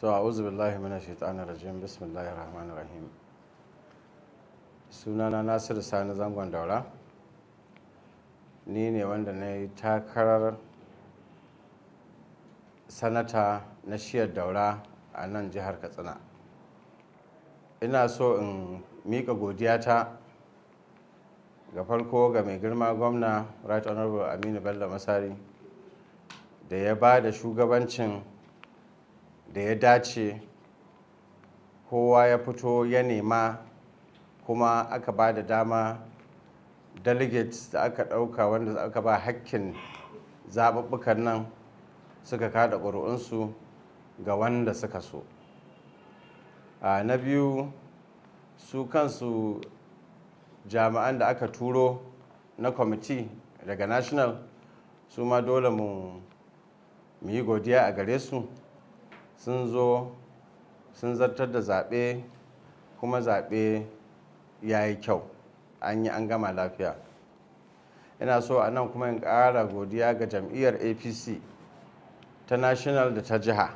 to a'udhu billahi mana shaitanir rajim bismillahir rahmanir rahim sunana Nasiru Sani Zangon Daura ni ne wanda na yi takarar sanata na shiyar daura a nan jihar Katsina ina so in mika godiyata ga farko ga mai girma gwamna right honorable Aminu Bello Masari da ya ba da shugabancin da ya dace kowa ya fito ya nema kuma aka ba da dama delegates da aka ɗauka wanda aka ba hakkin zaɓuɓɓukan nan suka kada ƙuri'unsu ga wanda suka so a na biyu su kansu jami'an da aka turo na kwamiti daga national su ma dole mu yi godiya a gare su sun zo sun zartar da zaɓe kuma zaɓe ya yi kyau an yi an gama lafiya ina so a nan kuma in ƙara godiya ga jam'iyyar apc ta national da ta jiha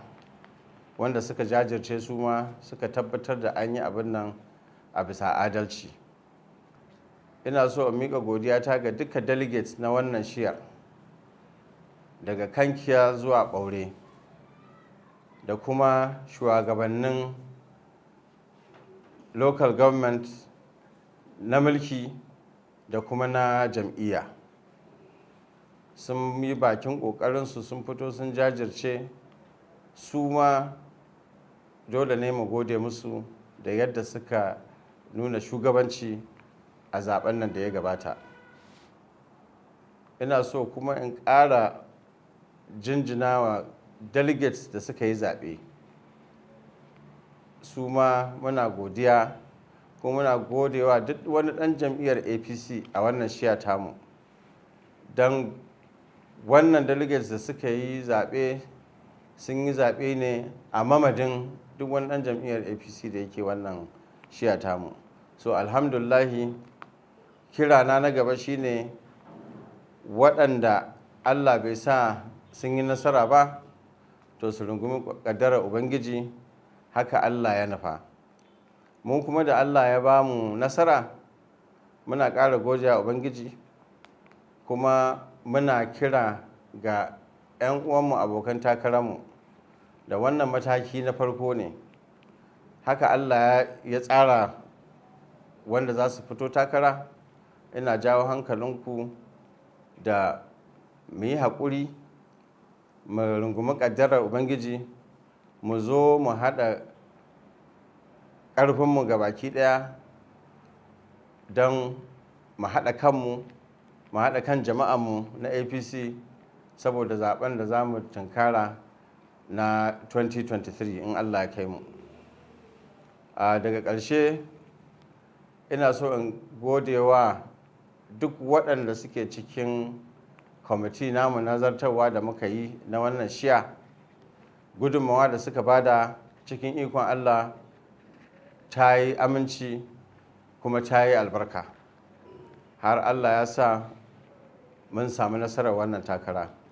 wanda suka jajirce su ma suka tabbatar da an yi abin nan a bisa adalci ina so a mika godiya ta ga duka delegates na wannan shiyar daga kankiya zuwa ɓaure. da kuma shugabannin local government na mulki da kuma na jam'iyya sun yi bakin ƙoƙarinsu sun fito sun jajirce su ma dole ne mu gode musu da yadda suka nuna shugabanci a zaben nan da ya gabata ina so kuma in ƙara jinjinawa delegates da suka yi zaɓe su ma muna godiya ko muna godewa duk wani ɗan jam'iyyar apc a wannan shiya tamu don wannan delegates da suka yi zaɓe sun yi zaɓe ne a mamadin duk wani ɗan jam'iyyar apc da yake wannan shiya tamu so alhamdulahi kirana na gaba shine waɗanda allah bai sa sun yi nasara ba to su rungumi kaddara ubangiji haka allah ya nufa mun kuma da allah ya ba mu nasara muna ƙara goja ubangiji kuma muna kira ga 'yan uwanmu abokan takararmu da wannan mataki na farko ne haka allah ya tsara wanda za su fito takara ina jawo hankalinku da mu yi haƙuri mu rungumi kaddarar ubangiji mu zo mu haɗa ƙarfinmu ga baki ɗaya don mu haɗa kanmu mu haɗa kan jama'anmu na apc saboda zaben da za mu tunkara na 2023 in allah ya kai mu daga ƙarshe ina so in gode wa duk waɗanda suke cikin kwamiti namu nazartarwa da muka yi na wannan shiya gudunmawa da suka bada cikin ikon allah ta yi aminci kuma ta yi albarka har allah ya sa mun samu nasarar wannan takara